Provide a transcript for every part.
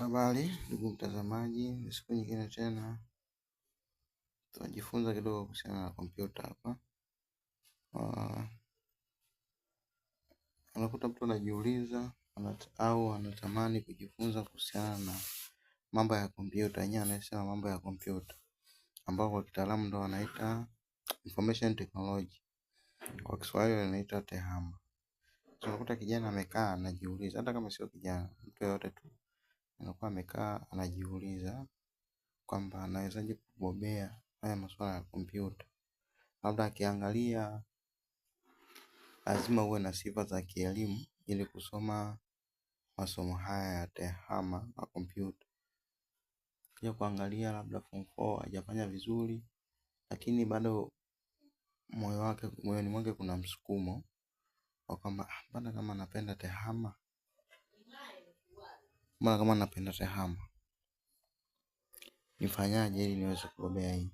Habari ndugu mtazamaji, ni siku nyingine tena tunajifunza kidogo kuhusiana na kompyuta hapa. Uh, unakuta mtu anajiuliza au anatamani kujifunza kuhusiana na mambo ya kompyuta, yenyewe anasema mambo ya kompyuta ambao kwa kitaalamu ndo wanaita information technology, kwa Kiswahili wanaita tehama. Unakuta kijana amekaa anajiuliza, hata kama sio kijana, mtu yoyote tu alikuwa amekaa anajiuliza kwamba anawezaje kubobea haya masuala ya kompyuta. Labda akiangalia, lazima uwe na sifa za kielimu ili kusoma masomo haya ya tehama na kompyuta. Pia kuangalia labda form four hajafanya vizuri, lakini bado moyo wake moyoni mwake kuna msukumo wa kwamba ah, mbona kama napenda tehama Mbona kama napenda tehama, nifanyaje ili niweze kugombea hii?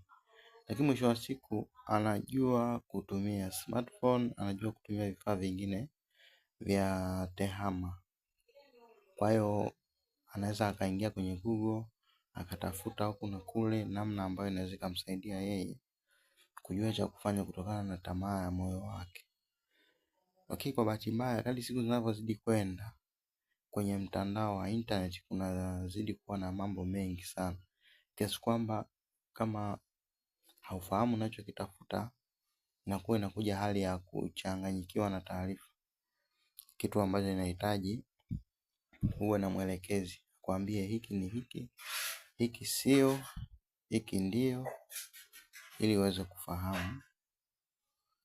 Lakini mwisho wa siku anajua kutumia smartphone, anajua kutumia vifaa vingine vya tehama. Kwa hiyo anaweza akaingia kwenye Google akatafuta huku na kule namna ambayo inaweza ikamsaidia yeye kujua cha kufanya kutokana na tamaa ya moyo wake. Lakini kwa bahati mbaya kadri siku zinavyozidi kwenda kwenye mtandao wa internet kunazidi kuwa na mambo mengi sana. Kiasi kwamba kama haufahamu unachokitafuta inakuwa inakuja hali ya kuchanganyikiwa na taarifa. Kitu ambacho inahitaji uwe na mwelekezi akuambie hiki ni hiki, hiki sio, hiki ndio ili uweze kufahamu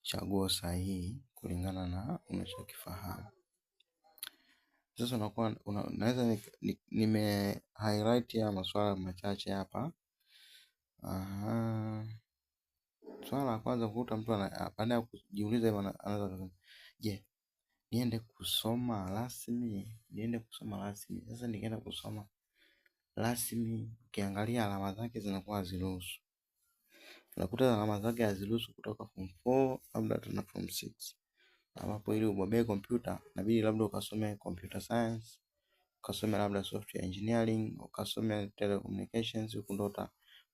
chaguo sahihi kulingana na unachokifahamu. Sasa unakuwa una, naweza ni, ni, nime highlight ya maswala machache hapa. Aha. Swala la kwanza kukuta mtu baada ya kujiuliza anaweza kusema, je, niende kusoma rasmi? Niende kusoma rasmi. Sasa nikienda kusoma rasmi, ukiangalia alama zake zinakuwa haziruhusu. Unakuta alama zake haziruhusu kutoka form 4 labda tuna form 6 ambapo ili ubobee kompyuta inabidi labda ukasome computer science, ukasome labda software engineering, ukasome telecommunications, huko ndo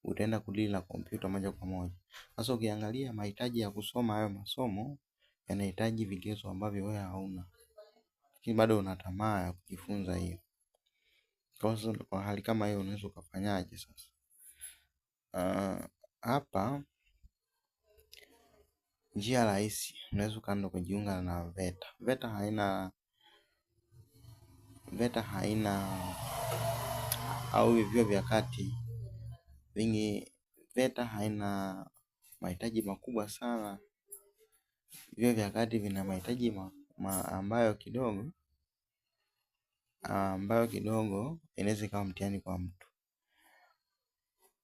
utaenda kudili na kompyuta moja kwa moja. Sasa ukiangalia mahitaji ya kusoma hayo masomo yanahitaji vigezo ambavyo wewe hauna, lakini bado una tamaa ya kujifunza hiyo. Kwa sababu kwa hali kama hiyo, unaweza ukafanyaje sasa? Uh, hapa njia rahisi unaweza ukaenda kujiunga na VETA. VETA haina VETA haina au vyuo vya kati vingi. VETA haina mahitaji makubwa sana, vyuo vya kati vina mahitaji ma, ma, ambayo kidogo ambayo kidogo inaweza ikawa mtihani kwa mtu,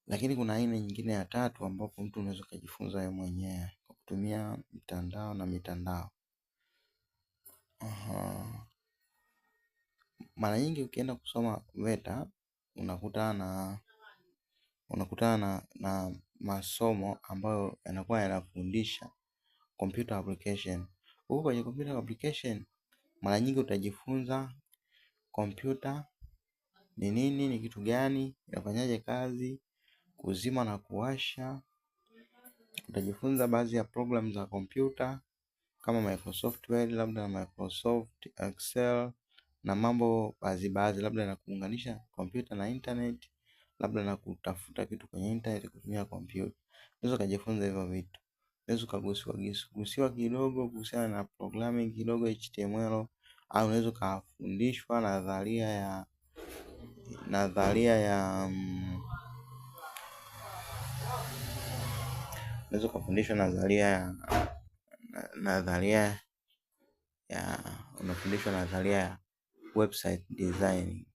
lakini kuna aina nyingine ya tatu ambapo mtu unaweza ukajifunza wewe mwenyewe kutumia mtandao na mitandao. Mara nyingi ukienda kusoma VETA unakutana na masomo ambayo yanakuwa yanafundisha computer application. Huku kwenye computer application mara nyingi utajifunza kompyuta ni nini, ni kitu gani, inafanyaje kazi, kuzima na kuwasha, utajifunza baadhi ya programu za kompyuta kama Microsoft Word labda na Microsoft Excel na mambo baadhi baadhi, labda na kuunganisha kompyuta na internet, labda na kutafuta kitu kwenye internet kutumia kompyuta. Unaweza kujifunza hivyo vitu, unaweza ukagusiwa kidogo kuhusiana na programming kidogo HTML, au unaweza kufundishwa nadharia ya nadharia ya mm, unaweza ukafundishwa nadharia ya nadharia ya unafundishwa nadharia ya website design,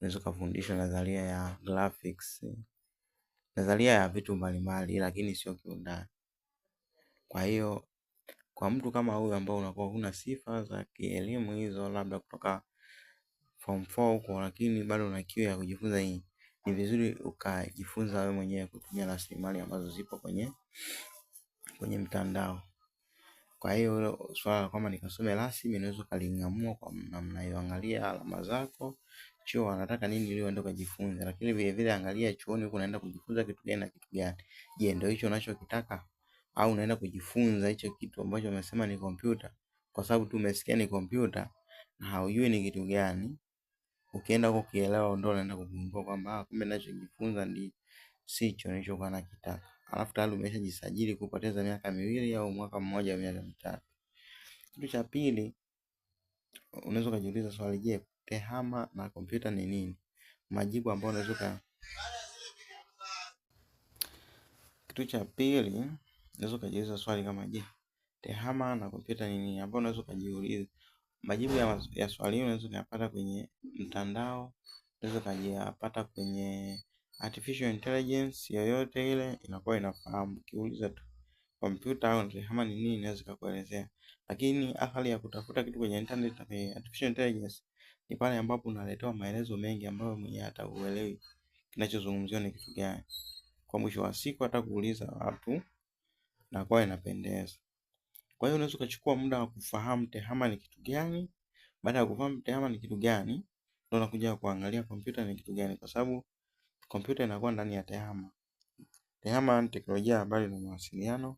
unaweza ukafundishwa nadharia ya graphics, nadharia ya vitu mbalimbali, lakini sio kiundani. Kwa hiyo kwa mtu kama huyu ambao unakuwa huna sifa za kielimu hizo, labda kutoka form 4 huko, lakini bado una kiu ya kujifunza hii ni vizuri ukajifunza wewe mwenyewe kutumia rasilimali ambazo zipo kwenye kwenye mtandao. Kwa hiyo hilo swala la kwamba nikasome rasmi unaweza ukaling'amua kwa namna hiyo, angalia alama zako, chuo wanataka nini ili uende ukajifunze, lakini vile vile angalia chuoni huko unaenda kujifunza kitu gani na kitu gani. Je, ndio hicho unachokitaka au unaenda kujifunza hicho kitu ambacho umesema ni kompyuta kwa sababu tu umesikia ni kompyuta na haujui ni kitu gani ukienda huko kielewa, ndio unaenda kugundua kwamba ah, kumbe ninachojifunza ndi sicho nilichokuwa nakitaka. Alafu tayari umeshajisajili kupoteza miaka miwili au mwaka mmoja au miaka mitatu. Kitu cha pili, unaweza ukajiuliza swali, je, tehama na kompyuta ni nini? Majibu ambayo unaweza kitu cha pili, unaweza ukajiuliza swali kama je, tehama na kompyuta ni nini? Ambayo unaweza ukajiuliza Majibu ya, ya swali hilo unaweza kuyapata kwenye mtandao, unaweza ukayapata kwenye artificial intelligence yoyote ile, inakuwa inafahamu. Ukiuliza tu kompyuta au ama ni nini, inaweza kukuelezea. Lakini athari ya kutafuta kitu kwenye internet na artificial intelligence ni pale ambapo unaletewa maelezo mengi ambayo mwenye hata uelewi kinachozungumziwa ni kitu gani. Kwa mwisho wa siku hata kuuliza watu na kwa inapendeza. Kwa hiyo unaweza ukachukua muda wa kufahamu tehama ni kitu gani. Baada ya kufahamu tehama ni kitu gani, ndio unakuja kuangalia kompyuta ni kitu gani, kwa sababu kompyuta inakuwa ndani ya tehama. Tehama ni teknolojia ya habari na mawasiliano.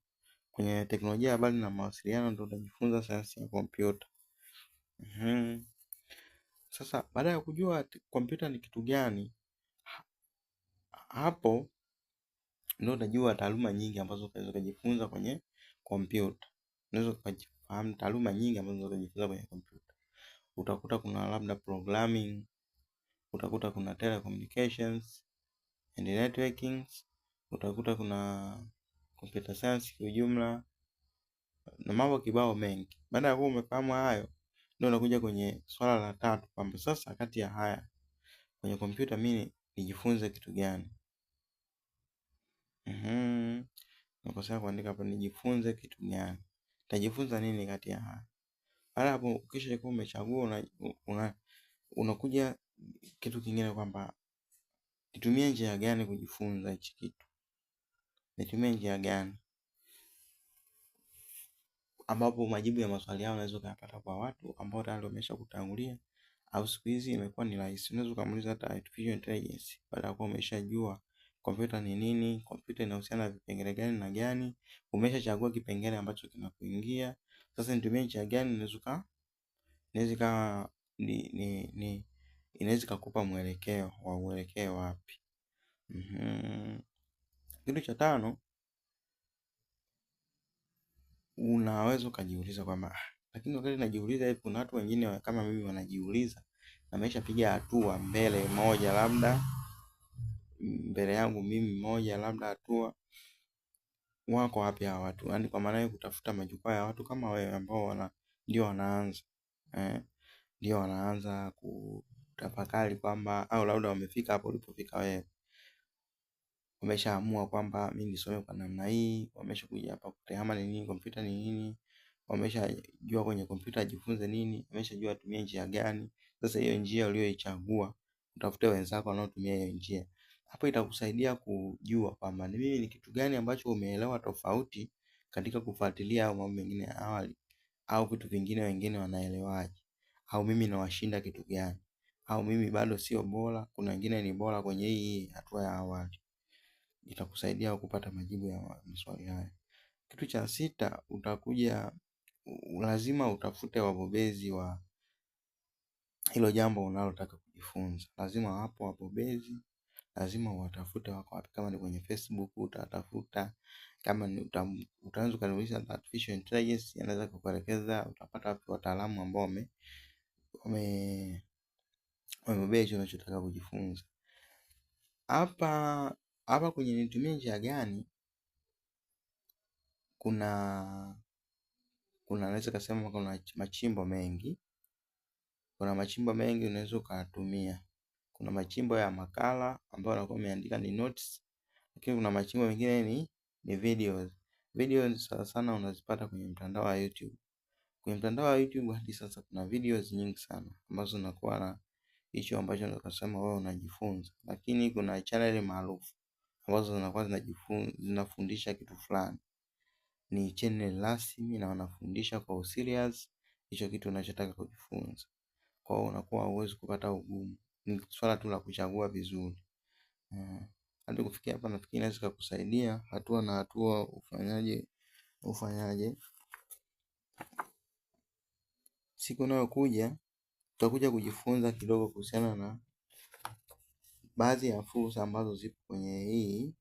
Kwenye teknolojia ya habari na mawasiliano ndio utajifunza sayansi ya kompyuta. Mm-hmm. Sasa baada ya kujua kompyuta ni kitu gani, hapo ndio utajua taaluma nyingi ambazo unaweza kujifunza kwenye kompyuta unaweza ukafahamu taaluma nyingi ambazo unaweza kujifunza kwenye kompyuta. Utakuta kuna labda programming, utakuta kuna telecommunications and networking, utakuta kuna computer science kwa ujumla na mambo kibao mengi. Baada ya kuwa umefahamu hayo, ndio unakuja kwenye swala la tatu kwamba sasa kati ya haya kwenye kompyuta mimi nijifunze kitu gani? Mhm. Nakosea kuandika hapa nijifunze kitu gani? Utajifunza nini kati ya haya? Baada hapo ukisha kuwa umechagua una, una, unakuja kitu kingine kwamba nitumie njia gani kujifunza hichi kitu, nitumie njia gani, ambapo majibu ya maswali yao unaweza ukayapata kwa watu ambao tayari wamesha kutangulia, au siku hizi imekuwa ni rahisi, unaweza ukamuuliza hata artificial intelligence baada ya kuwa umeshajua kompyuta ni nini, kompyuta inahusiana na vipengele gani na gani, umeshachagua kipengele ambacho kinakuingia, sasa nitumie njia gani, inaweza inaweza kukupa mwelekeo wa uelekee wapi. Mhm. Kitu cha tano, unaweza ukajiuliza kwamba ah, lakini wakati najiuliza hivi, kuna watu wengine kama mimi wanajiuliza, ameshapiga hatua mbele moja labda mbele yangu mimi mmoja labda hatua wako wapi hawa watu? Yani kwa maana kutafuta majukwaa ya watu kama wewe ambao wana ndio wanaanza eh, ndio wanaanza kutafakari kwamba au labda wamefika hapo ulipofika wewe, wameshaamua kwamba mimi nisome kwa namna hii, wameshakuja hapa kutehama ni nini, kompyuta ni nini, wameshajua kwenye kompyuta ajifunze nini, wameshajua atumie njia gani. Sasa hiyo njia uliyoichagua, utafute wenzako wanaotumia hiyo njia hapo itakusaidia kujua kwamba ni mimi ni kitu gani ambacho umeelewa tofauti katika kufuatilia au mambo mengine ya awali au vitu vingine wengine wanaelewaje au mimi nawashinda kitu gani au mimi bado sio bora, kuna wengine ni bora kwenye hii hatua ya awali. Itakusaidia kupata majibu ya maswali haya. Kitu cha sita utakuja lazima utafute wabobezi wa hilo jambo unalotaka kujifunza. Lazima wapo wabobezi lazima uwatafute wako wapi, kama ni kwenye Facebook utatafuta, kama ni utaanza ukaniuliza artificial intelligence, anaweza kukuelekeza utapata wapi wataalamu ambao wame wame wamebobea hicho unachotaka kujifunza. Hapa hapa kwenye nitumie njia gani, kuna kuna naweza kusema kuna machimbo mengi, kuna machimbo mengi unaweza ukatumia kuna machimbo ya makala ambayo nakuwa nimeandika ni notes, lakini kuna machimbo mengine ni, ni videos. Videos sana sana unazipata kwenye mtandao wa YouTube. Kwenye mtandao wa YouTube hadi sasa kuna videos nyingi sana ambazo nakuwa na hicho ambacho nakasema wewe unajifunza, lakini kuna channel maarufu ambazo zinakuwa zinafundisha kitu fulani, ni channel rasmi na wanafundisha kwa serious hicho kitu unachotaka kujifunza, kwa hiyo unakuwa huwezi kupata ugumu ni swala tu la kuchagua vizuri. Eh, hadi kufikia hapa nafikiri inaweza kukusaidia hatua na hatua ufanyaje ufanyaje. Siku inayokuja tutakuja kujifunza kidogo kuhusiana na baadhi ya fursa ambazo zipo kwenye hii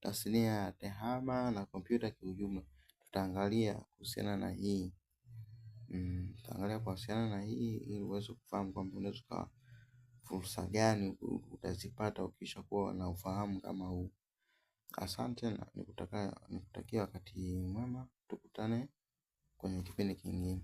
tasnia ya tehama na kompyuta kiujumla. Tutaangalia kuhusiana na hii, mm, tutaangalia kuhusiana na hii ili uweze kufahamu kwamba unaweza fursa gani utazipata ukisha kuwa na ufahamu kama huu. Asante na nikutakia wakati mwema, tukutane kwenye kipindi kingine.